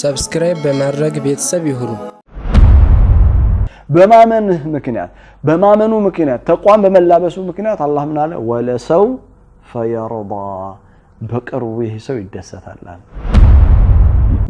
ሰብስክራይብ በማድረግ ቤተሰብ ይሁኑ። በማመንህ ምክንያት በማመኑ ምክንያት ተቋም በመላበሱ ምክንያት አላህ ምን አለ? ወለሰው ፈየርዳ በቅርቡ ይህ ሰው ይደሰታል።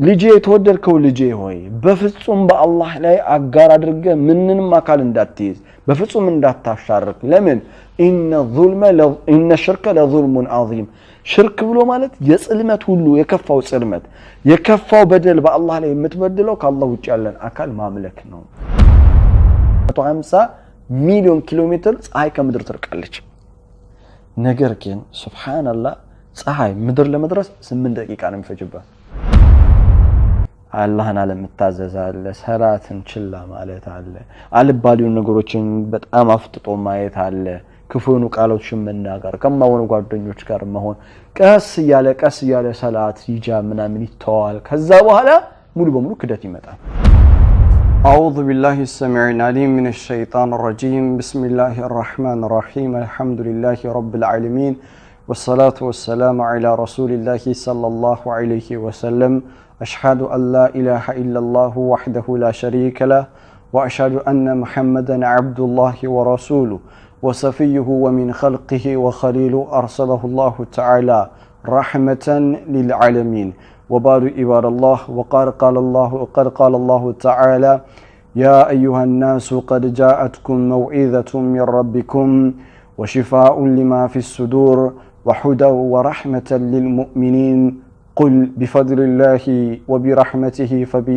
ልጄ የተወደድከው ልጄ ሆይ በፍጹም በአላህ ላይ አጋር አድርገ ምንንም አካል እንዳትይዝ በፍጹም እንዳታሻርክ። ለምን ኢነ ሽርከ ለዙልሙን አዚም ሽርክ ብሎ ማለት የጽልመት ሁሉ የከፋው ጽልመት የከፋው በደል በአላህ ላይ የምትበድለው ከአላህ ውጭ ያለን አካል ማምለክ ነው። 150 ሚሊዮን ኪሎ ሜትር ፀሐይ ከምድር ትርቃለች። ነገር ግን ሱብሓነላህ ፀሐይ ምድር ለመድረስ 8 ደቂቃ ነው የሚፈጅባት። አላህን አለመታዘዝ አለ፣ ሰላትን ችላ ማለት አለ፣ አልባሌውን ነገሮችን በጣም አፍጥጦ ማየት አለ፣ ክፉኑ ቃሎችን መናገር፣ ከማይሆኑ ጓደኞች ጋር መሆን፣ ቀስ እያለ ቀስ እያለ ሰላት ይጃ ምናምን ይተዋል። ከዛ በኋላ ሙሉ በሙሉ ክደት ይመጣል። አዑዙ ቢላሂ ሰሚዒል ዓሊም ሚነ ሸይጣን ረጂም ብስሚላሂ ራሕማን ራሒም አልሐምዱሊላሂ ረቢል ዓለሚን ወሰላቱ ወሰላሙ ዓላ ረሱሊላሂ ሰለላሁ ዓለይሂ ወሰለም أشهد أن لا إله إلا الله وحده لا شريك له وأشهد أن محمدا عبد الله ورسوله وصفيه ومن خلقه وخليل أرسله الله تعالى رحمة للعالمين وبار إبار الله وقال قال الله وقد قال الله تعالى يا أيها الناس قد جاءتكم موعظة من ربكم وشفاء لما في الصدور وحدى ورحمة للمؤمنين قل بفضل الله وبرحمته فب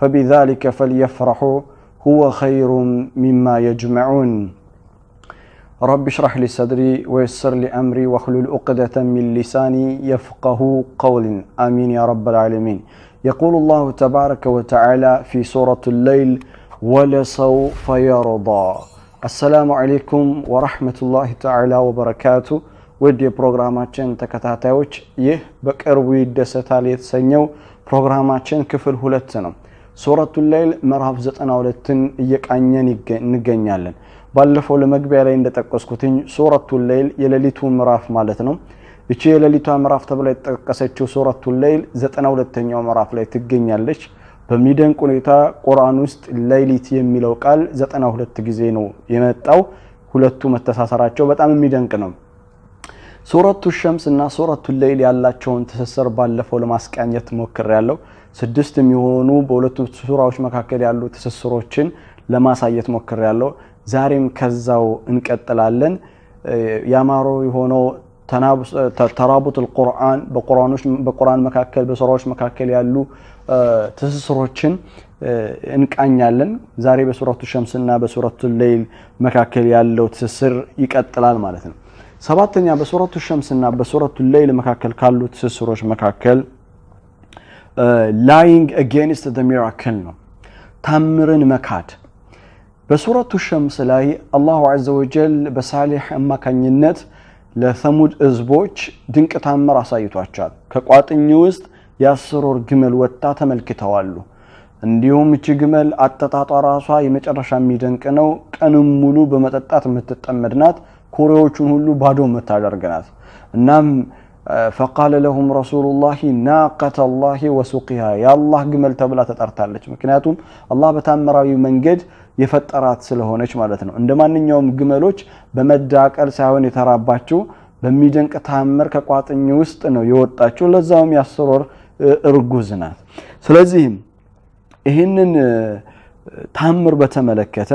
فبذلك فليفرحوا هو خير مما يجمعون رب اشرح لي صدري ويسر لي أمري واحلل عقدة من لساني يفقه قول آمين يا رب العالمين يقول الله تبارك وتعالى في سورة الليل ولسوف يرضى السلام عليكم ورحمة الله تعالى وبركاته ውድ የፕሮግራማችን ተከታታዮች ይህ በቅርቡ ይደሰታል የተሰኘው ፕሮግራማችን ክፍል ሁለት ነው። ሱረቱ ላይል ምዕራፍ 92ን እየቃኘን እንገኛለን። ባለፈው ለመግቢያ ላይ እንደጠቀስኩትኝ ሱረቱ ላይል የሌሊቱ ምዕራፍ ማለት ነው። ይቺ የሌሊቷ ምዕራፍ ተብላ የተጠቀሰችው ሱረቱ ላይል 92ኛው ምዕራፍ ላይ ትገኛለች። በሚደንቅ ሁኔታ ቁርአን ውስጥ ላይሊት የሚለው ቃል 92 ጊዜ ነው የመጣው። ሁለቱ መተሳሰራቸው በጣም የሚደንቅ ነው። ሱረቱ ሸምስ እና ሱረቱ ሌይል ያላቸውን ትስስር ባለፈው ለማስቃኘት ሞክር ያለው ስድስት የሚሆኑ በሁለቱ ሱራዎች መካከል ያሉ ትስስሮችን ለማሳየት ሞክር ያለው ዛሬም ከዛው እንቀጥላለን። ያማረው የሆነው ተራቡት ቁርአን በቁርአን መካከል በሱራዎች መካከል ያሉ ትስስሮችን እንቃኛለን። ዛሬ በሱረቱ ሸምስና በሱረቱ ሌይል መካከል ያለው ትስስር ይቀጥላል ማለት ነው። ሰባተኛ በሱረቱ ሸምስና በሱረቱ ሌይል መካከል ካሉ ትስስሮች መካከል ላይንግ አጌንስት ዘ ሚራክል ነው፣ ታምርን መካድ። በሱረቱ ሸምስ ላይ አላሁ አዘ ወጀል በሳሌሕ አማካኝነት ለሰሙድ ህዝቦች ድንቅ ታምር አሳይቷቸዋል። ከቋጥኝ ውስጥ የአስር ግመል ወጣ ተመልክተዋሉ። እንዲሁም እቺ ግመል አጠጣጧ ራሷ የመጨረሻ የሚደንቅ ነው። ቀንም ሙሉ በመጠጣት የምትጠመድ ናት። ኩሬዎቹን ሁሉ ባዶ የምታደርግናት። እናም ፈቃለ ለሁም ረሱሉላሂ ናቀተላሂ ወሱቂሃ የአላህ ግመል ተብላ ተጠርታለች። ምክንያቱም አላህ በታምራዊ መንገድ የፈጠራት ስለሆነች ማለት ነው። እንደ ማንኛውም ግመሎች በመዳቀል ሳይሆን የተራባችው በሚደንቅ ታምር ከቋጥኝ ውስጥ ነው የወጣችው። ለዛውም የአስር ወር እርጉዝ ናት። ስለዚህም ይህንን ታምር በተመለከተ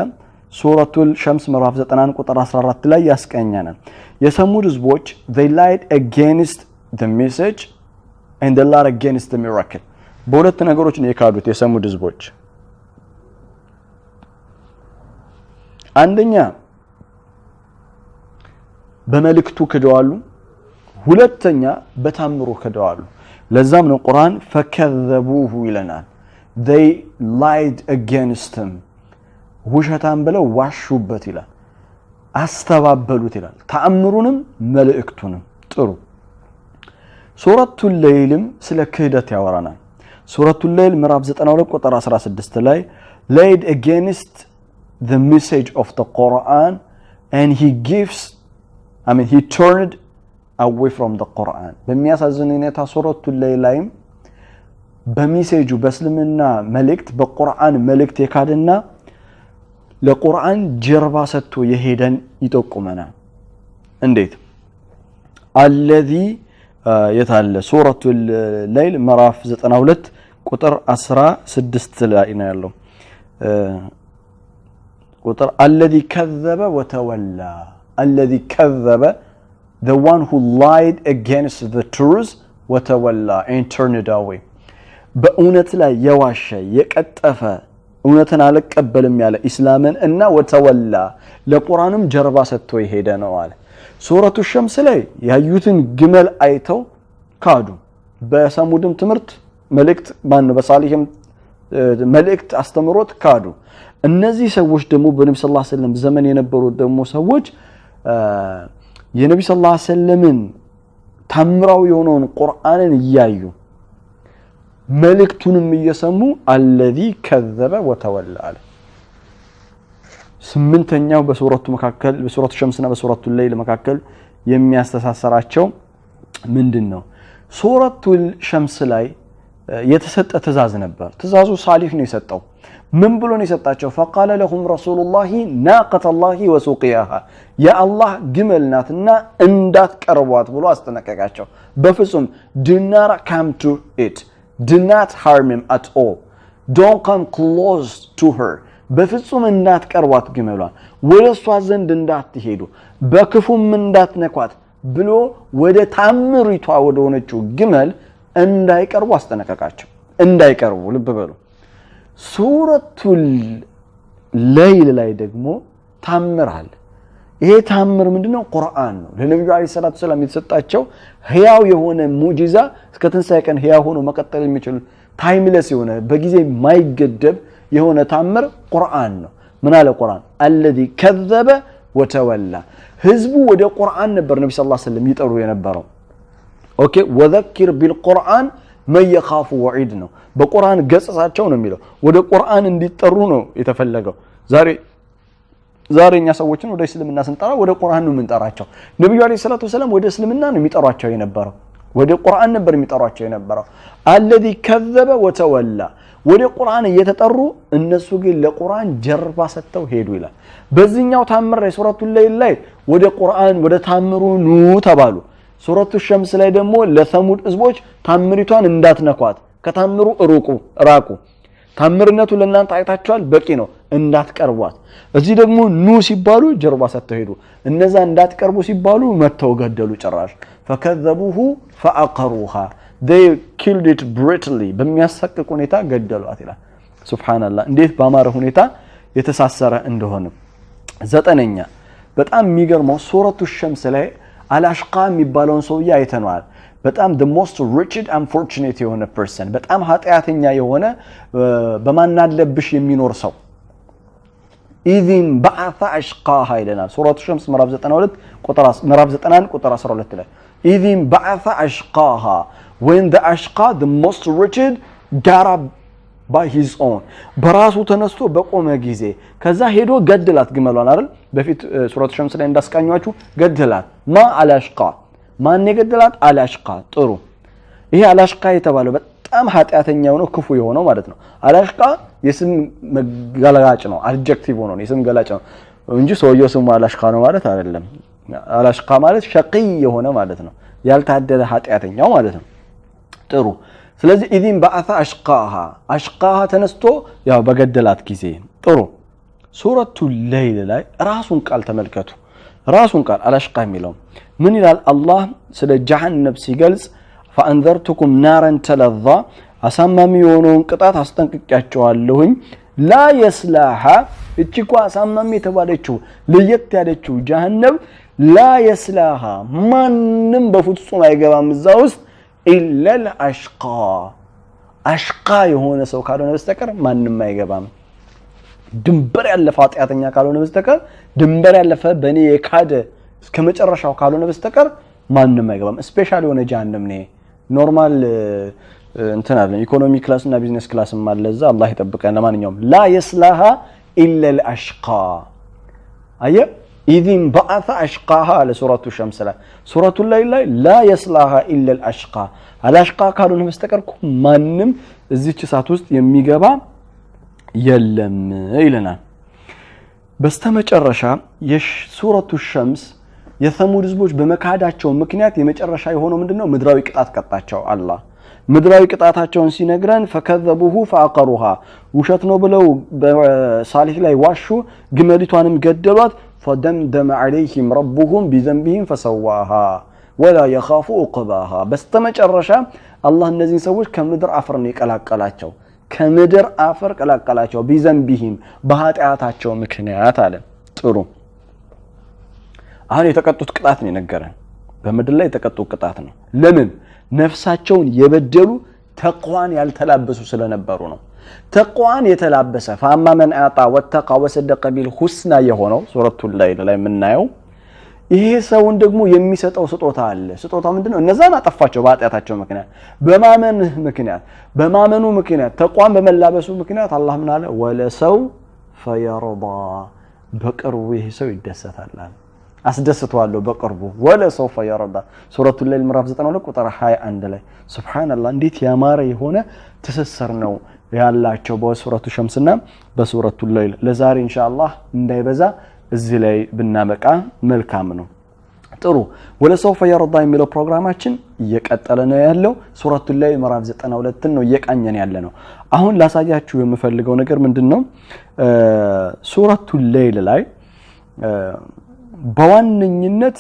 ሱረቱል ሸምስ ምዕራፍ 91 ቁጥር 14 ላይ ያስቀኘናል። የሰሙድ ህዝቦች they lied against the message and they lied against the miracle በሁለት ነገሮች ነው የካዱት የሰሙድ ህዝቦች። አንደኛ በመልእክቱ ክደዋሉ፣ ሁለተኛ በታምሩ ክደዋሉ። ለዛም ነው ቁርአን ፈከዘቡሁ ይለናል they lied against him ውሸታም ብለው ዋሹበት ይላል። አስተባበሉት ይላል። ተአምሩንም መልእክቱንም ጥሩ። ሱረቱ ለይልም ስለ ክህደት ያወራናል። ሱረቱ ሌይል ምዕራፍ 92 ቁጥር 16 ላይ ሌይድ አጌንስት ዘ ሜሴጅ ኦፍ ዘ ቁርአን ኤንድ ሂ ጊቭስ አይ ሚን ሂ ተርንድ አዌይ ፍሮም ዘ ቁርአን። በሚያሳዝን ሁኔታ ሱረቱ ሌይል ላይም በሜሴጁ በእስልምና መልእክት በቁርአን መልእክት የካድና ለቁርአን ጀርባ ሰጥቶ የሄደን ይጠቁመናል። እንዴት? አለዚ የታለ ሱረቱል ለይል ምዕራፍ 92 ቁጥር 16 ላይ ነው ያለው ቁጥር አለዚ ከዘበ ወተወላ አለዚ ከዘበ the one who lied against the truth ወተወላ and turned away በእውነት ላይ የዋሸ የቀጠፈ እውነትን አልቀበልም ያለ ኢስላምን እና ወተወላ ለቁርአንም ጀርባ ሰጥቶ የሄደ ነው አለ። ሱረቱ ሸምስ ላይ ያዩትን ግመል አይተው ካዱ። በሰሙድም ትምህርት መልእክት ማን በሳሊህም መልእክት አስተምሮት ካዱ። እነዚህ ሰዎች ደግሞ በነቢ ስ ሰለም ዘመን የነበሩት ደግሞ ሰዎች የነቢ ስ ሰለምን ታምራዊ የሆነውን ቁርአንን እያዩ መልእክቱንም እየሰሙ አለዚ ከዘበ ወተወላ አለ። ስምንተኛው በሱረቱ መካከል በሱረቱ ሸምስና በሱረቱ ሌይል መካከል የሚያስተሳሰራቸው ምንድን ነው? ሱረቱ ሸምስ ላይ የተሰጠ ትእዛዝ ነበር። ትእዛዙ ሳሊህ ነው የሰጠው። ምን ብሎ ነው የሰጣቸው? ፈቃለ ለሁም ረሱሉላሂ ናቀተላሂ ወሱቅያሃ የአላህ ግመል ናትና እንዳትቀርቧት ብሎ አስጠነቀቃቸው። በፍጹም ድናራ ካምቱ ኢት Do not harm him at all. Don't come close to her. በፍጹም እንዳትቀርቧት ግመሏን፣ ወደ እሷ ዘንድ እንዳትሄዱ፣ በክፉም እንዳትነኳት ብሎ ወደ ታምሪቷ ወደ ሆነችው ግመል እንዳይቀርቡ አስጠነቀቃቸው። እንዳይቀርቡ ልብ በሉ። ሱረቱል ለይል ላይ ደግሞ ታምራል ይሄ ታምር ምንድነው? ቁርአን ነው። ለነብዩ አለይሂ ሰላቱ ሰላም የተሰጣቸው ህያው የሆነ ሙጂዛ እስከ ትንሣኤ ቀን ህያው ሆኖ መቀጠል የሚችል ታይምለስ የሆነ በጊዜ የማይገደብ የሆነ ታምር ቁርአን ነው። ምን አለ ቁርአን? አለዚ ከዘበ ወተወላ። ህዝቡ ወደ ቁርአን ነበር ነቢ ሰለላሁ ዐለይሂ ወሰለም ይጠሩ የነበረው። ኦኬ ወዘኪር ቢልቁርአን መን የኻፉ ወዒድ ነው። በቁርአን ገጽሳቸው ነው የሚለው። ወደ ቁርአን እንዲጠሩ ነው የተፈለገው ዛሬ ዛሬ እኛ ሰዎችን ወደ እስልምና ስንጠራ ወደ ቁርአን ነው የምንጠራቸው። ነቢዩ አለይሂ ሰላቱ ወሰለም ወደ እስልምና ነው የሚጠሯቸው የነበረው፣ ወደ ቁርአን ነበር የሚጠሯቸው የነበረው። አለዚ ከዘበ ወተወላ ወደ ቁርአን እየተጠሩ እነሱ ግን ለቁርአን ጀርባ ሰጥተው ሄዱ ይላል። በዚህኛው ታምር ላይ ሱረቱ ሌይል ላይ ወደ ቁርአን ወደ ታምሩ ኑ ተባሉ። ሱረቱ ሸምስ ላይ ደግሞ ለሰሙድ ህዝቦች ታምሪቷን እንዳትነኳት ከታምሩ ሩቁ ራቁ፣ ታምርነቱ ለእናንተ አይታችኋል፣ በቂ ነው እንዳትቀርቧት። እዚህ ደግሞ ኑ ሲባሉ ጀርባ ሰጥተው ሄዱ። እነዛ እንዳትቀርቡ ሲባሉ መተው ገደሉ። ጭራሽ ፈከዘቡሁ ፈአቀሩሃ ኪልድ ኢት ብሪትሊ በሚያሳቅቅ ሁኔታ ገደሏት ይላል። ሱብሓነላህ እንዴት በአማረ ሁኔታ የተሳሰረ እንደሆነ። ዘጠነኛ በጣም የሚገርመው ሱረቱ ሸምስ ላይ አልአሽቃ የሚባለውን ሰውዬ አይተነዋል። በጣም the most wretched unfortunate የሆነ ፐርሰን፣ በጣም ኃጢአተኛ የሆነ በማናለብሽ የሚኖር ሰው ኢዚን በዓፈ አሽቃሃ ይለናል። ሱረቱ ሸምስ ምዕራፍ 91 ቁጥር 12 ላይ ኢዚን በዓፈ አሽቃሃ ወን ዘ አሽቃ ዘ ሞስት ሪችድ ጋራ ባይ ሂዝ ኦን በራሱ ተነስቶ በቆመ ጊዜ ከዛ ሄዶ ገድላት ግመሏን አይደል በፊት ሱረቱ ሸምስ ላይ እንዳስቃኟችሁ ገድላት ማ አላሽቃ ማን የገድላት አላሽቃ ጥሩ ይሄ አላሽቃ የተባለው በጣም ኃጢአተኛው ነው ክፉ የሆነው ማለት ነው። አላሽቃ የስም ገላጭ ነው፣ አድጀክቲቭ ሆኖ የስም ገላጭ ነው እንጂ ሰውየው ስሙ አላሽቃ ነው ማለት አይደለም። አላሽቃ ማለት ሸቂይ የሆነ ማለት ነው፣ ያልታደለ ኃጢአተኛው ማለት ነው። ጥሩ ስለዚህ ኢዚን በአሳ አሽቃሃ አሽቃሃ ተነስቶ ያው በገደላት ጊዜ ጥሩ ሱረቱ ለይል ላይ ራሱን ቃል ተመልከቱ። ራሱን ቃል አላሽቃ የሚለው ምን ይላል? አላህ ስለ ጀሃነም ሲገልጽ ፈአንዘርቱኩም ናረን ተለዛ አሳማሚ የሆነውን ቅጣት አስጠንቅቂያቸዋለሁኝ ላ የስላሃ እቺ አሳማሚ የተባለችው ለየት ያለችው ጀሃነም ላ የስላሃ ማንም በፍጹም አይገባም እዛ ውስጥ ኢለል አሽቃ አሽቃ የሆነ ሰው ካልሆነ በስተቀር ማንም አይገባም። ድንበር ያለፈ ኃጢአተኛ ካልሆነ በስተቀር ድንበር ያለፈ በእኔ የካደ እስከ መጨረሻው ካልሆነ በስተቀር ማንም አይገባም። ስፔሻል የሆነ ጀሃነም ነው። ኖርማል እንትን አለ ኢኮኖሚ ክላስ እና ቢዝነስ ክላስ አለ እዛ። አላህ ይጠብቀን። ለማንኛውም ላ የስላሃ ኢለል አሽቃ አየ ኢዚን በአፈ አሽቃሃ አለ ሱረቱ ሸምስ ላይ ሱረቱ ላይ ላይ ላ የስላሃ ኢለል አሽቃ አላሽቃ ካልሆነ በስተቀርኩ ማንም እዚች እሳት ውስጥ የሚገባ የለም ይለናል። በስተመጨረሻ የሱረቱ ሸምስ የሰሙድ ህዝቦች በመካዳቸው ምክንያት የመጨረሻ የሆነው ምንድነው? ምድራዊ ቅጣት ቀጣቸው አላ ምድራዊ ቅጣታቸውን ሲነግረን ፈከዘቡሁ ፈአቀሩሃ ውሸት ነው ብለው በሳሊህ ላይ ዋሹ፣ ግመሊቷንም ገደሏት። ፈደምደመ ዐለይሂም ረቡሁም ቢዘንቢሂም ፈሰዋሃ ወላ የኻፉ ዑቅባሃ። በስተመጨረሻ አላህ እነዚህን ሰዎች ከምድር አፈር ነው የቀላቀላቸው፣ ከምድር አፈር ቀላቀላቸው። ቢዘንቢሂም በኃጢአታቸው ምክንያት አለ። ጥሩ አሁን የተቀጡት ቅጣት ነው የነገረን። በምድር ላይ የተቀጡት ቅጣት ነው። ለምን ነፍሳቸውን የበደሉ ተቅዋን ያልተላበሱ ስለነበሩ ነው። ተቅዋን የተላበሰ ፋማ መን አጣ ወተቃ ወሰደቀ ቢል ሁስና የሆነው ሱረቱ ላይ ላይ የምናየው ይሄ ሰውን ደግሞ የሚሰጠው ስጦታ አለ። ስጦታ ምንድነው? እነዛን አጠፋቸው በኃጢአታቸው ምክንያት፣ በማመን ምክንያት፣ በማመኑ ምክንያት፣ ተቋም በመላበሱ ምክንያት አላህ ምን አለ? ወለሰው ፈየርዳ በቅርቡ ይሄ ሰው ይደሰታል። አስደስተዋለሁ በቅርቡ ወለ ሶፈ የረዳ ሱረቱል ለይል ምዕራፍ 92 ቁጥር 21 ላይ ሱብሃንአላህ እንዴት ያማረ የሆነ ትስስር ነው ያላቸው በሱረቱ ሸምስና በሱረቱ ለይል ለዛሬ እንሻላ እንዳይበዛ እዚህ ላይ ብናበቃ መልካም ነው ጥሩ ወለ ሶፈ የረዳ የሚለው ፕሮግራማችን እየቀጠለ ነው ያለው ሱረቱ ለይል ምዕራፍ 92 ነው እየቃኘን ያለ ነው አሁን ላሳያችሁ የምፈልገው ነገር ምንድን ነው ሱረቱ ለይል ላይ በዋነኝነት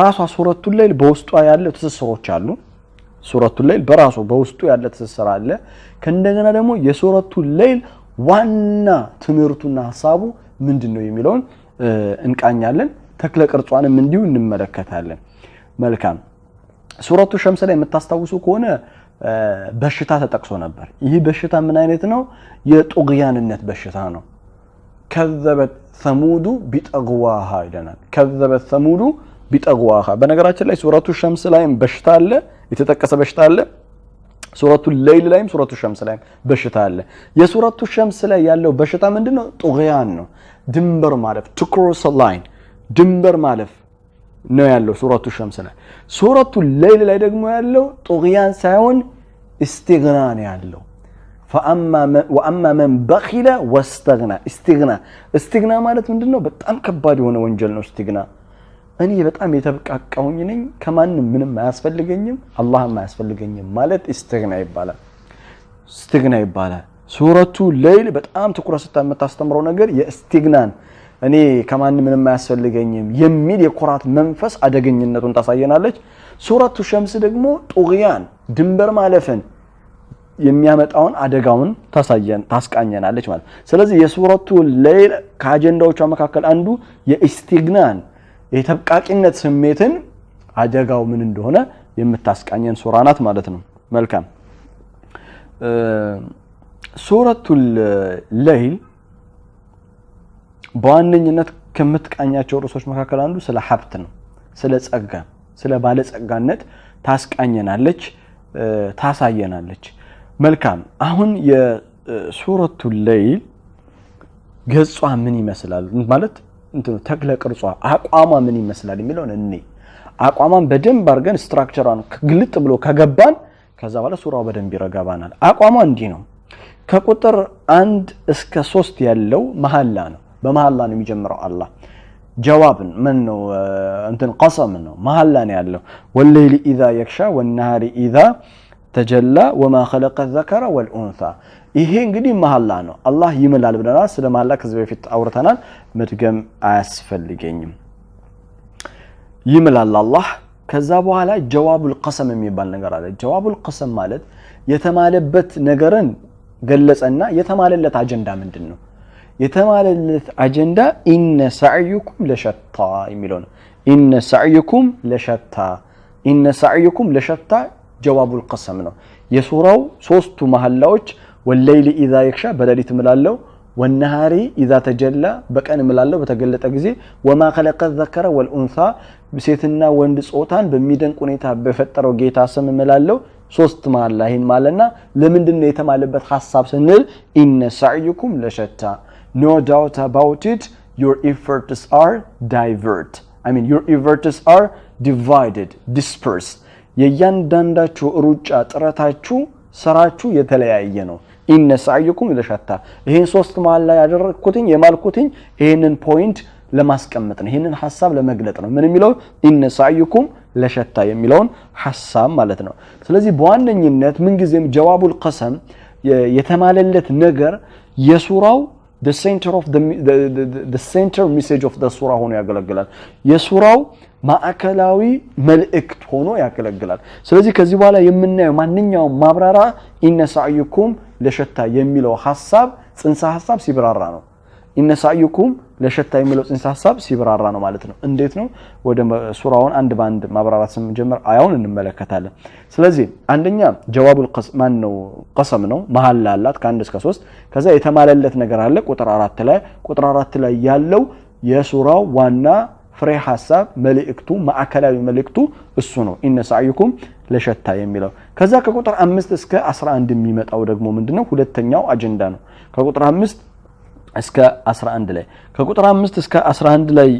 ራሷ ሱረቱን ላይል በውስጧ ያለ ትስስሮች አሉ። ሱረቱን ላይል በራሱ በውስጡ ያለ ትስስር አለ። ከእንደገና ደግሞ የሱረቱን ላይል ዋና ትምህርቱና ሀሳቡ ምንድን ነው የሚለውን እንቃኛለን። ተክለ ቅርጿንም እንዲሁ እንመለከታለን። መልካም ሱረቱ ሸምስ ላይ የምታስታውሱ ከሆነ በሽታ ተጠቅሶ ነበር። ይህ በሽታ ምን አይነት ነው? የጦግያንነት በሽታ ነው። ከዘበት ሰሙዱ ቢጠግዋሃ ይለናል። ከዘበት ሰሙዱ ቢጠግዋሃ። በነገራችን ላይ ሱረቱ ሸምስ ላይም በሽታ አለ፣ የተጠቀሰ በሽታ አለ። ሱረቱ ሌይል ላይም ሱረቱ ሸምስ ላይም በሽታ አለ። የሱረቱ ሸምስ ላይ ያለው በሽታ ምንድነው? ጡግያን ነው። ድንበር ማለፍ ትክሮስ ላይን ድንበር ማለፍ ነው ያለው ሱረቱ ሸምስ ላይ። ሱረቱ ሌይል ላይ ደግሞ ያለው ጡግያን ሳይሆን ኢስቲግና ነው ያለው ወአማ መን በኪለ ወስተግና እስትግና እስትግና ማለት ምንድን ነው? በጣም ከባድ የሆነ ወንጀል ነው። እስትግና እኔ በጣም የተብቃቃሁኝ ነኝ፣ ከማንም ምንም አያስፈልገኝም፣ አላህም አያስፈልገኝም ማለት እስትግና ይባላል። እስትግና ይባላል። ሱረቱ ለይል በጣም ትኩረት ስታ የምታስተምረው ነገር የእስትግናን እኔ ከማንም ምንም አያስፈልገኝም የሚል የኩራት መንፈስ አደገኝነቱን ታሳየናለች። ሱረቱ ሸምስ ደግሞ ጡግያን ድንበር ማለፍን የሚያመጣውን አደጋውን ታሳየን ታስቃኘናለች ማለት ስለዚህ የሱረቱ ለይል ከአጀንዳዎቿ መካከል አንዱ የኢስቲግናን የተብቃቂነት ስሜትን አደጋው ምን እንደሆነ የምታስቃኘን ሱራ ናት ማለት ነው። መልካም ሱረቱ ለይል በዋነኝነት ከምትቃኛቸው ርዕሶች መካከል አንዱ ስለ ሀብት ነው። ስለ ጸጋ፣ ስለ ባለጸጋነት ታስቃኘናለች፣ ታሳየናለች። መልካም አሁን የሱረቱ ለይል ገጿ ምን ይመስላል ማለት ተክለ ቅርጿ አቋሟ ምን ይመስላል የሚለውን እኔ አቋሟን በደንብ አድርገን ስትራክቸሯን ግልጥ ብሎ ከገባን ከዛ በኋላ ሱራው በደንብ ይረጋባናል። አቋሟ እንዲህ ነው። ከቁጥር አንድ እስከ ሶስት ያለው መሀላ ነው። በመሀላ ነው የሚጀምረው። አላ ጀዋብን ምን ነው እንትን ቀሰምን ነው መሀላ ነው ያለው ወለይሊ ኢዛ የክሻ ወነሃሪ ኢዛ ተጀላ ወማ ኸለቀ ዘከረ ወልኡንሳ ይሄ እንግዲህ መሀላ ነው። አላህ ይምላል ብለናል። ስለ መሀላ ከዚህ በፊት አውርተናል፣ መድገም አያስፈልገኝም። ይምላል አላህ። ከዛ በኋላ ጀዋቡል ቀሰም የሚባል ነገር አለ። ጀዋቡል ቀሰም ማለት የተማለበት ነገርን ገለጸና የተማለለት አጀንዳ ምንድን ነው? የተማለለት አጀንዳ ኢነ ሳዕዩኩም ለሸታ የሚለው ነው። ኢነ ሳዕዩኩም ለሸታ ኢነ ሳዕዩኩም ለሸታ ጀዋቡል ቀሰም ነው። የሱራው ሶስቱ መሀላዎች ወለይሊ ኢዛ የክሻ በሌሊት እምላለው፣ ወነሃሪ ኢዛ ተጀላ በቀን እምላለው በተገለጠ ጊዜ፣ ወማ ከለቀ ዘከረ ወልኡንሳ ሴትና ወንድ ጾታን በሚደንቅ ሁኔታ በፈጠረው ጌታ ስም እምላለው። ሶስት መሀላ ይህን ማለና ለምንድን ነው የተማለበት ሀሳብ ስንል ኢነ ሰዕይኩም ለሸታ ኖ ዳውት አባውት ኢት ዮር ኢፈርትስ አር ዳይቨርት አይ ሚን አር ዲቫይድድ ዲስፐርስድ የእያንዳንዳችሁ ሩጫ ጥረታችሁ፣ ስራችሁ የተለያየ ነው። ኢነ ሰዓይኩም ለሸታ ይህን ሶስት መሀል ላይ ያደረግኩትኝ የማልኩትኝ ይህንን ፖይንት ለማስቀመጥ ነው። ይህንን ሀሳብ ለመግለጥ ነው። ምን የሚለው ኢነ ለሸታ የሚለውን ሀሳብ ማለት ነው። ስለዚህ በዋነኝነት ምንጊዜም ጀዋቡል ቀሰም የተማለለት ነገር የሱራው ሴንተር ሜሴጅ ኦፍ ሱራ ሆኖ ያገለግላል። የሱራው ማዕከላዊ መልእክት ሆኖ ያገለግላል። ስለዚህ ከዚህ በኋላ የምናየው ማንኛውም ማብራራ ኢነ ሳዕይኩም ለሸታ የሚለው ሀሳብ ጽንሰ ሀሳብ ሲብራራ ነው። ይነሳዩኩም ለሸታ የሚለው ጽንሰ ሀሳብ ሲብራራ ነው ማለት ነው። እንዴት ነው? ወደ ሱራውን አንድ በአንድ ማብራራት ስንጀምር አያውን እንመለከታለን። ስለዚህ አንደኛ ጀዋቡ ማን ነው? ቀሰም ነው። መሀል ላላት ከአንድ እስከ ሶስት። ከዛ የተማለለት ነገር አለ ቁጥር አራት ላይ ቁጥር አራት ላይ ያለው የሱራው ዋና ፍሬ ሀሳብ መልእክቱ፣ ማዕከላዊ መልእክቱ እሱ ነው። ኢነሳዩኩም ለሸታ የሚለው ከዛ ከቁጥር አምስት እስከ አስራ አንድ የሚመጣው ደግሞ ምንድነው? ሁለተኛው አጀንዳ ነው። ከቁጥር አምስት እስከ 11 ላይ ከቁጥር 5 እስከ 11 ላይ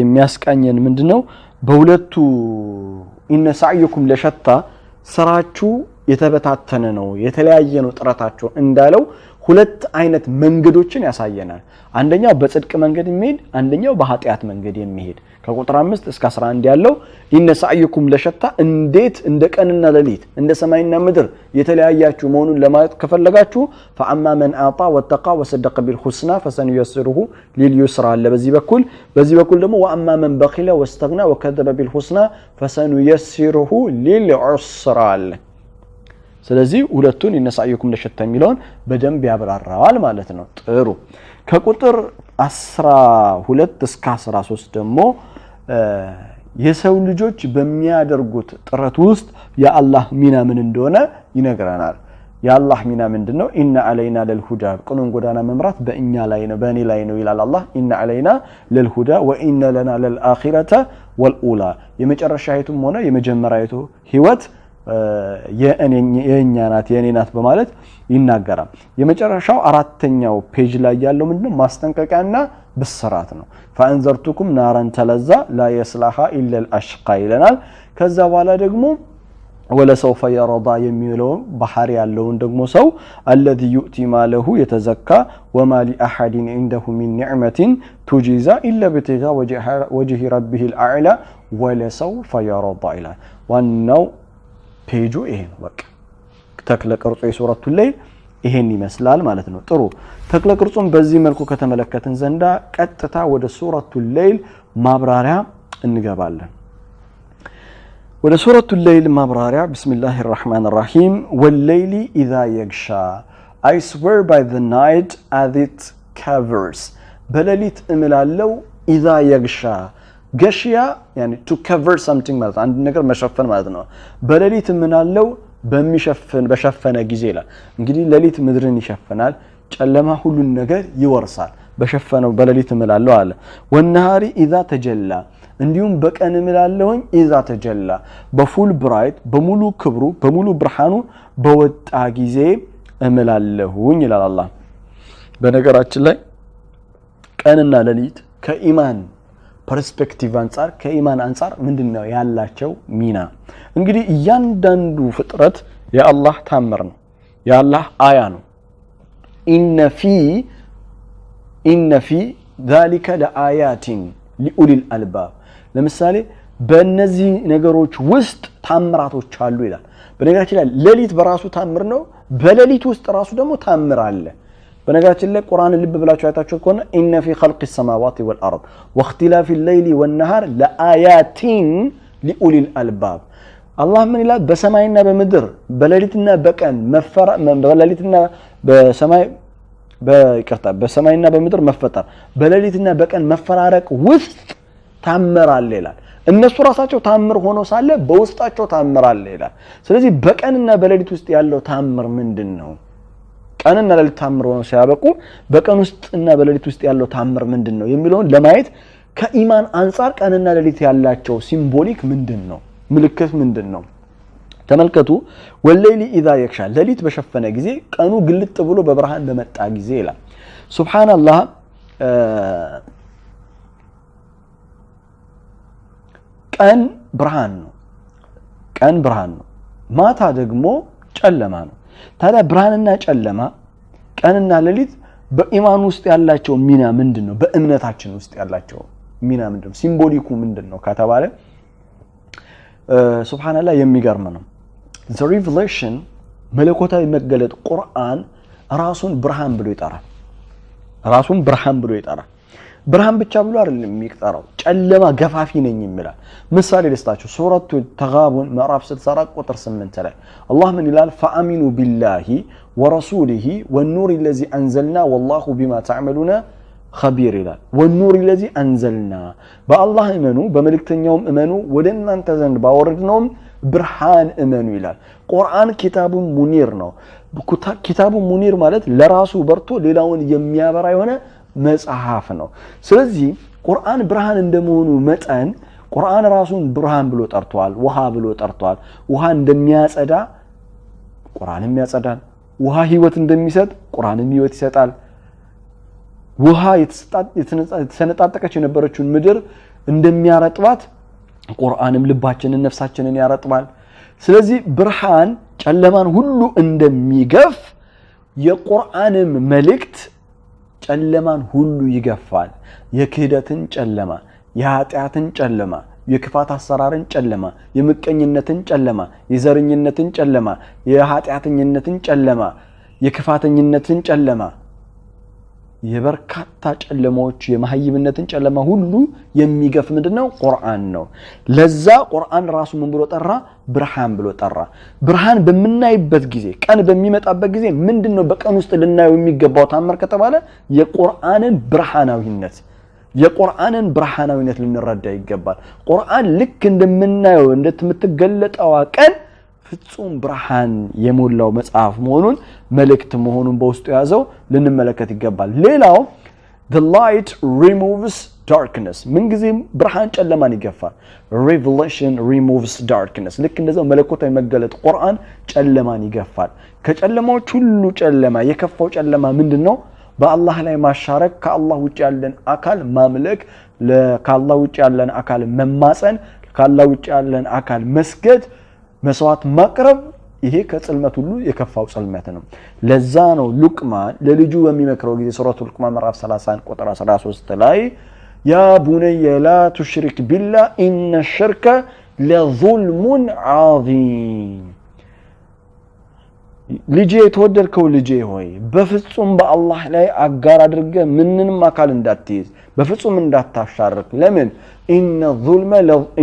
የሚያስቃኘን ምንድነው? በሁለቱ ኢነ ሰዓየኩም ለሸታ ስራችሁ የተበታተነ ነው፣ የተለያየ ነው ጥረታቸው እንዳለው ሁለት አይነት መንገዶችን ያሳየናል። አንደኛው በጽድቅ መንገድ የሚሄድ አንደኛው በኃጢአት መንገድ የሚሄድ ከቁጥር 5 እስከ 11 ያለው ኢነ ለሸታ እንዴት እንደ ቀንና ሌሊት እንደ ሰማይና ምድር የተለያያችሁ መሆኑን ለማየት ከፈለጋችሁ ፈአማ መን አጣ ወተቃ ወሰደቀ ቢልሁስና ፈሰንዩስሩሁ ሊልዩስራ አለ በዚህ በኩል በዚህ በኩል ደግሞ ወአማ መን በኪለ ወስተግና ወከዘበ ቢልሁስና ፈሰንዩስሩሁ ሊልዑስራ አለ ስለዚህ ሁለቱን ይነሳየኩም እንደሸተ የሚለውን በደንብ ያብራራዋል ማለት ነው። ጥሩ ከቁጥር 12 እስከ 13 ደግሞ የሰው ልጆች በሚያደርጉት ጥረት ውስጥ የአላህ ሚና ምን እንደሆነ ይነግረናል። የአላህ ሚና ምንድን ነው? ኢና አለይና ለልሁዳ ቅኑን ጎዳና መምራት በእኛ ላይ ነው በእኔ ላይ ነው ይላል አላህ። ኢና አለይና ለልሁዳ ወኢነ ለና ለልአኺረተ ወልኡላ የመጨረሻዊቱም ሆነ የመጀመሪያዊቱ ህይወት የእኛ ናት የእኔ ናት በማለት ይናገራል። የመጨረሻው አራተኛው ፔጅ ላይ ያለው ምንድነው? ማስጠንቀቂያና ብስራት ነው። ፈአንዘርቱኩም ናረን ተለዛ ላ የስላሃ ኢለል አሽቃ ይለናል። ከዛ በኋላ ደግሞ ወለሰው የረዳ የሚለውን ባህሪ ያለውን ደግሞ ሰው አለዚ ዩእቲ ማለሁ የተዘካ ወማ ሊአሐድን ዒንደሁ ሚን ኒዕመትን ቱጂዛ ኢላ ብትጋ ወጅህ ረቢህ ልአዕላ ወለሰውፈ የረዳ ይላል ዋናው ፔጁ ይሄ ነው። በቃ ተክለ ቅርጹ የሱረቱ ለይል ይሄን ይመስላል ማለት ነው። ጥሩ ተክለ ቅርጹን በዚህ መልኩ ከተመለከትን ዘንዳ ቀጥታ ወደ ሱረቱ ለይል ማብራሪያ እንገባለን። ወደ ሱረቱ ለይል ማብራሪያ ብስሚላህ ራህማን ራሂም ወለይሊ ኢዛ የግሻ አይ ስዌር ባይ ዘ ናይት አዝ ኢት በሌሊት እምላለው ኢዛ የግሻ ገሽያ ቱ ከቨር ሰምቲንግ ማለት አንድ ነገር መሸፈን ማለት ነው። በሌሊት ምናለው በሚሸፍን በሸፈነ ጊዜ ይላል። እንግዲህ ሌሊት ምድርን ይሸፍናል፣ ጨለማ ሁሉን ነገር ይወርሳል። በሸፈነው በሌሊት ምላለው አለ። ወነሃሪ ኢዛ ተጀላ እንዲሁም በቀን ምላለውኝ ኢዛ ተጀላ በፉል ብራይት በሙሉ ክብሩ በሙሉ ብርሃኑ በወጣ ጊዜ እምላለሁኝ ይላል አላህ። በነገራችን ላይ ቀንና ሌሊት ከኢማን ፐርስፔክቲቭ አንጻር ከኢማን አንጻር ምንድን ነው ያላቸው ሚና? እንግዲህ እያንዳንዱ ፍጥረት የአላህ ታምር ነው፣ የአላህ አያ ነው። ኢነ ፊ ዛሊከ ለአያቲን ሊኡሊል አልባብ። ለምሳሌ በእነዚህ ነገሮች ውስጥ ታምራቶች አሉ ይላል። በነገራችን ላይ ሌሊት በራሱ ታምር ነው። በሌሊት ውስጥ ራሱ ደግሞ ታምር አለ። በነገራችን ላይ ቁርአን ልብ ብላችሁ አይታችሁት ከሆነ ኢነ ፊ ኸልቅ ሰማዋት ወልአርድ ወእክትላፊ ሌይሊ ወነሃር ለአያቲን ሊኡሊል አልባብ አላህ ምን ይላል? በሰማይና በምድር በሌሊትና በቀን በሌሊትና በሰማይ በይቅርታ በሰማይና በምድር መፈጠር በሌሊትና በቀን መፈራረቅ ውስጥ ታምራል ይላል። እነሱ ራሳቸው ታምር ሆኖ ሳለ በውስጣቸው ታምራል ይላል። ስለዚህ በቀንና በሌሊት ውስጥ ያለው ታምር ምንድን ነው? ቀንና ሌሊት ታምር ሆነው ሲያበቁ በቀን ውስጥና በሌሊት ውስጥ ያለው ታምር ምንድን ነው የሚለውን ለማየት ከኢማን አንጻር ቀንና ሌሊት ያላቸው ሲምቦሊክ ምንድን ነው? ምልክት ምንድን ነው? ተመልከቱ። ወለይሊ ኢዛ የክሻ ሌሊት በሸፈነ ጊዜ ቀኑ ግልጥ ብሎ በብርሃን በመጣ ጊዜ ይላል። ሱብሓነላህ ቀን ብርሃን ነው። ቀን ብርሃን ነው። ማታ ደግሞ ጨለማ ነው። ታዲያ ብርሃንና ጨለማ ቀንና ሌሊት በኢማን ውስጥ ያላቸው ሚና ምንድን ነው? በእምነታችን ውስጥ ያላቸው ሚና ምንድን ነው? ሲምቦሊኩ ምንድን ነው ከተባለ ሱብሃነላህ የሚገርም ነው። ዘ ሪቨሌሽን መለኮታዊ መገለጥ ቁርአን ራሱን ብርሃን ብሎ ይጠራል። ራሱን ብርሃን ብሎ ይጠራል። ብርሃን ብቻ ብሎ አይደለም የሚጠራው፣ ጨለማ ገፋፊ ነኝ ይምላል። ምሳሌ ደስታችሁ ሱረቱ ተጋቡን ምዕራፍ 64 ቁጥር 8 ላይ አላህ ምን ይላል? ፈአሚኑ ቢላሂ ወረሱሊሂ ወኑሪ ለዚ አንዘልና ወላሁ ቢማ ተዕመሉነ ኸቢር ይላል። ወኑሪ ለዚ አንዘልና በአላህ እመኑ፣ በመልእክተኛውም እመኑ፣ ወደ እናንተ ዘንድ ባወረድነውም ብርሃን እመኑ ይላል። ቁርአን ኪታቡ ሙኒር ነው። ኪታቡ ሙኒር ማለት ለራሱ በርቶ ሌላውን የሚያበራ የሆነ መጽሐፍ ነው። ስለዚህ ቁርአን ብርሃን እንደመሆኑ መጠን ቁርአን ራሱን ብርሃን ብሎ ጠርቷል፣ ውሃ ብሎ ጠርቷል። ውሃ እንደሚያጸዳ ቁርአንም ያጸዳል። ውሃ ህይወት እንደሚሰጥ ቁርአንም ህይወት ይሰጣል። ውሃ የተሰነጣጠቀች የነበረችውን ምድር እንደሚያረጥባት ቁርአንም ልባችንን ነፍሳችንን ያረጥባል። ስለዚህ ብርሃን ጨለማን ሁሉ እንደሚገፍ የቁርአንም መልእክት ጨለማን ሁሉ ይገፋል። የክህደትን ጨለማ፣ የኃጢአትን ጨለማ፣ የክፋት አሰራርን ጨለማ፣ የምቀኝነትን ጨለማ፣ የዘረኝነትን ጨለማ፣ የኃጢአተኝነትን ጨለማ፣ የክፋተኝነትን ጨለማ የበርካታ ጨለማዎች የመሀይምነትን ጨለማ ሁሉ የሚገፍ ምንድን ነው? ቁርአን ነው። ለዛ ቁርአን ራሱ ምን ብሎ ጠራ? ብርሃን ብሎ ጠራ። ብርሃን በምናይበት ጊዜ፣ ቀን በሚመጣበት ጊዜ ምንድን ነው በቀን ውስጥ ልናየው የሚገባው ታምር ከተባለ የቁርአንን ብርሃናዊነት የቁርአንን ብርሃናዊነት ልንረዳ ይገባል። ቁርአን ልክ እንደምናየው እንደምትገለጠዋ ቀን ፍጹም ብርሃን የሞላው መጽሐፍ መሆኑን መልእክት መሆኑን በውስጡ የያዘው ልንመለከት ይገባል። ሌላው the light removes darkness ምንጊዜም ብርሃን ጨለማን ይገፋል። revelation removes darkness ልክ እንደዛው መለኮታዊ መገለጥ ቁርአን ጨለማን ይገፋል። ከጨለማዎች ሁሉ ጨለማ የከፋው ጨለማ ምንድን ነው? በአላህ ላይ ማሻረክ፣ ከአላህ ውጭ ያለን አካል ማምለክ፣ ከአላህ ውጭ ያለን አካል መማፀን፣ ከአላህ ውጭ ያለን አካል መስገድ መስዋዕት ማቅረብ ይሄ ከጽልመት ሁሉ የከፋው ጽልመት ነው። ለዛ ነው ሉቅማን ለልጁ በሚመክረው ጊዜ ሱረቱ ሉቅማን ምዕራፍ 30 ቁጥር 13 ላይ ያ ቡነየ ላ ቱሽሪክ ቢላ ኢነ ሽርከ ለዙልሙን ዓዚም ልጄ የተወደድከው ልጄ ሆይ በፍጹም በአላህ ላይ አጋር አድርገ ምንንም አካል እንዳትይዝ በፍጹም እንዳታሻርክ ለምን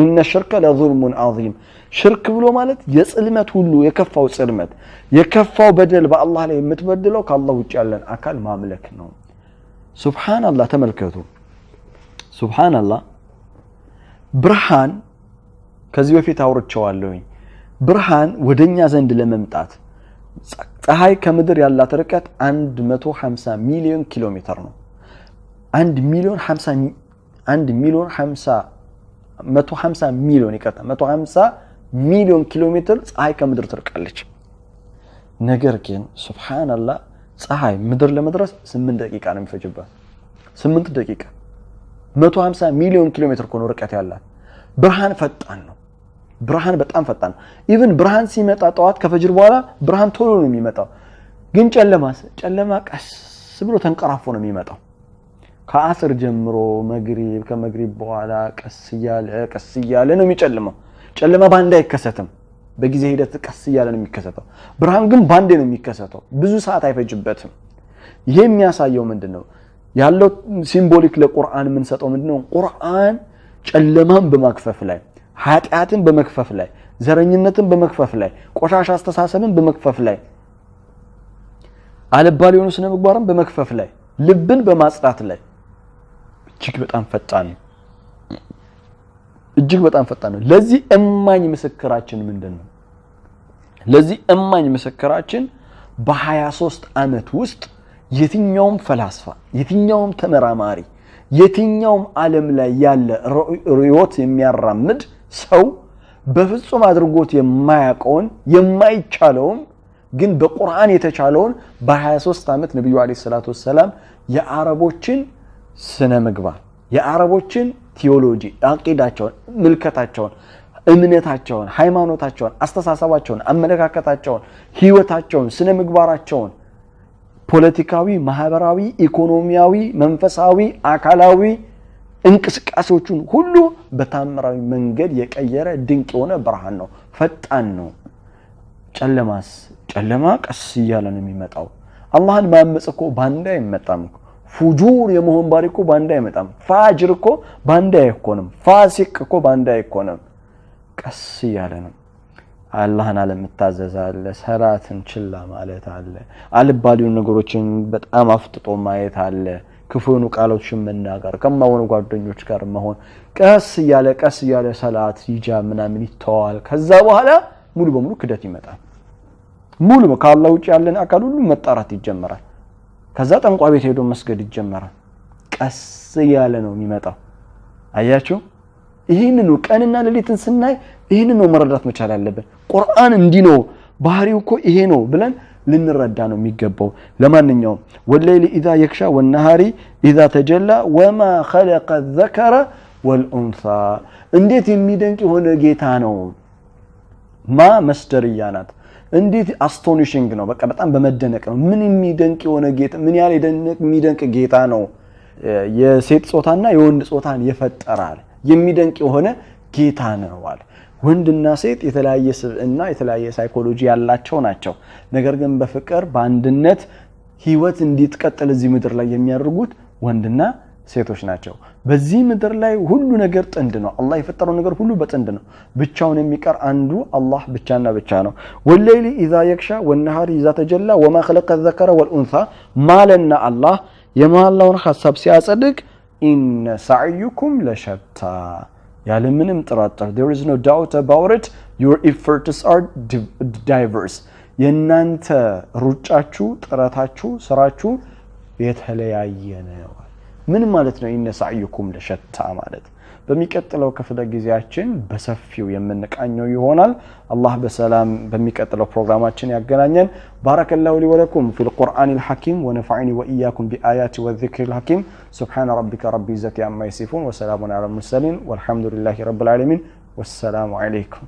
ኢነ ሽርከ ለዙልሙን ዓዚም ሽርክ ብሎ ማለት የጽልመት ሁሉ የከፋው ጽልመት የከፋው በደል በአላህ ላይ የምትበድለው ከአላህ ውጭ ያለን አካል ማምለክ ነው። ሱብሓነላህ ተመልከቱ። ሱብሓነላህ ብርሃን ከዚህ በፊት አውርቼዋለሁኝ። ብርሃን ወደኛ ዘንድ ለመምጣት ፀሐይ ከምድር ያላት ርቀት 150 ሚሊዮን ኪሎ ሜትር ነው። 1 ሚሊዮን 50 ሚሊዮን ይቀጣ 150 ሚሊዮን ኪሎ ሜትር ፀሐይ ከምድር ትርቃለች። ነገር ግን ሱብሓነላህ ፀሐይ ምድር ለመድረስ ስምንት ደቂቃ ነው የሚፈጅባት። ስምንት ደቂቃ 150 ሚሊዮን ኪሎ ሜትር ከሆነ ርቀት ያላት ብርሃን ፈጣን ነው። ብርሃን በጣም ፈጣን ነው። ኢቭን ብርሃን ሲመጣ ጠዋት ከፈጅር በኋላ ብርሃን ቶሎ ነው የሚመጣው። ግን ጨለማ ጨለማ ቀስ ብሎ ተንቀራፎ ነው የሚመጣው። ከአስር ጀምሮ መግሪብ፣ ከመግሪብ በኋላ ቀስ እያለ ቀስ እያለ ነው የሚጨልመው። ጨለማ በአንድ አይከሰትም። በጊዜ ሂደት ቀስ እያለ ነው የሚከሰተው። ብርሃን ግን ባንዴ ነው የሚከሰተው፣ ብዙ ሰዓት አይፈጅበትም። ይህ የሚያሳየው ምንድን ነው ያለው ሲምቦሊክ ለቁርአን የምንሰጠው ምንድን ነው? ቁርአን ጨለማን በማክፈፍ ላይ፣ ኃጢአትን በመክፈፍ ላይ፣ ዘረኝነትን በመክፈፍ ላይ፣ ቆሻሻ አስተሳሰብን በመክፈፍ ላይ፣ አልባሌ የሆኑ ስነ ምግባርን በመክፈፍ ላይ፣ ልብን በማጽዳት ላይ እጅግ በጣም ፈጣን ነው። እጅግ በጣም ፈጣን ነው። ለዚህ እማኝ ምስክራችን ምንድን ነው? ለዚህ እማኝ ምስክራችን በ23 ዓመት ውስጥ የትኛውም ፈላስፋ፣ የትኛውም ተመራማሪ፣ የትኛውም ዓለም ላይ ያለ ርዕዮት የሚያራምድ ሰው በፍጹም አድርጎት የማያውቀውን የማይቻለውም ግን በቁርአን የተቻለውን በ23 ዓመት ነቢዩ ዓለይሂ ሰላቱ ወሰላም የአረቦችን ስነ ምግባር የአረቦችን ቲዮሎጂ አቂዳቸውን፣ ምልከታቸውን፣ እምነታቸውን፣ ሃይማኖታቸውን፣ አስተሳሰባቸውን፣ አመለካከታቸውን፣ ህይወታቸውን፣ ስነ ምግባራቸውን፣ ፖለቲካዊ፣ ማህበራዊ፣ ኢኮኖሚያዊ፣ መንፈሳዊ፣ አካላዊ እንቅስቃሴዎቹን ሁሉ በታምራዊ መንገድ የቀየረ ድንቅ የሆነ ብርሃን ነው። ፈጣን ነው። ጨለማስ? ጨለማ ቀስ እያለ ነው የሚመጣው። አላህን ማመፅ እኮ ባንዳ አይመጣም። ፉጁር የመሆን ባህሪ እኮ በአንድ አይመጣም። ፋጅር እኮ በአንድ አይኮንም። ፋሲቅ እኮ በአንድ አይኮንም። ቀስ እያለ ነው። አላህን አለምታዘዝ አለ፣ ሰራትን ችላ ማለት አለ፣ አልባሌውን ነገሮችን በጣም አፍጥጦ ማየት አለ፣ ክፉ የሆኑ ቃሎችን መናገር፣ ከማይሆኑ ጓደኞች ጋር መሆን። ቀስ እያለ ቀስ እያለ ሰላት ይጃ ምናምን ይተዋል። ከዛ በኋላ ሙሉ በሙሉ ክደት ይመጣል። ሙሉ ከአላህ ውጭ ያለን አካል ሁሉ መጣራት ይጀመራል። ከዛ ጠንቋ ቤት ሄዶ መስገድ ይጀመራል። ቀስ እያለ ነው የሚመጣው። አያችሁ፣ ይህንኑ ቀንና ሌሊትን ስናይ ይህንን ነው መረዳት መቻል ያለብን። ቁርአን እንዲህ ነው ባህሪው እኮ ይሄ ነው ብለን ልንረዳ ነው የሚገባው። ለማንኛውም ወለይሊ ኢዛ የክሻ ወነሃሪ ኢዛ ተጀላ ወማ ኸለቀ ዘከረ ወልኡንሳ። እንዴት የሚደንቅ የሆነ ጌታ ነው። ማ መስደርያ ናት እንዴት አስቶኒሽንግ ነው። በቃ በጣም በመደነቅ ነው። ምን የሚደንቅ የሆነ ጌታ፣ ምን ያህል የሚደንቅ ጌታ ነው። የሴት ጾታና የወንድ ጾታን የፈጠራል የሚደንቅ የሆነ ጌታ ነው አለ። ወንድና ሴት የተለያየ ስብዕና የተለያየ ሳይኮሎጂ ያላቸው ናቸው። ነገር ግን በፍቅር በአንድነት ህይወት እንዲትቀጥል እዚህ ምድር ላይ የሚያደርጉት ወንድና ሴቶች ናቸው። በዚህ ምድር ላይ ሁሉ ነገር ጥንድ ነው። አላህ የፈጠረው ነገር ሁሉ በጥንድ ነው። ብቻውን የሚቀር አንዱ አላህ ብቻና ብቻ ነው። ወለይሊ ኢዛ የክሻ ወነሃሪ ኢዛ ተጀላ ወማ ኸለቀ ዘከረ ወልኡንሳ ማለና አላህ የመሃላውን ሀሳብ ሲያጸድቅ ኢነ ሳዕዩኩም ለሸታ ምንም ጥራጥር there is no doubt about it your efforts are diverse የእናንተ ሩጫችሁ፣ ጥረታችሁ፣ ስራችሁ የተለያየ ነው። ምን ማለት ነው? ኢነ ሰዕዩኩም ለሸታ ማለት በሚቀጥለው ክፍለ ጊዜያችን በሰፊው የምንቃኘው ይሆናል። አላህ በሰላም በሚቀጥለው ፕሮግራማችን ያገናኘን። ባረከላሁ ሊ ወለኩም ፊ ልቁርአን ልሐኪም ወነፈዕኒ ወኢያኩም ቢአያቲ ወዚክር ልሐኪም ስብሓነ ረቢከ ረቢ ይዘት አማ ይሲፉን ወሰላሙን አላ ልሙርሰሊን ወልሐምዱ ልላህ ረብ ልዓለሚን ወሰላሙ ዓለይኩም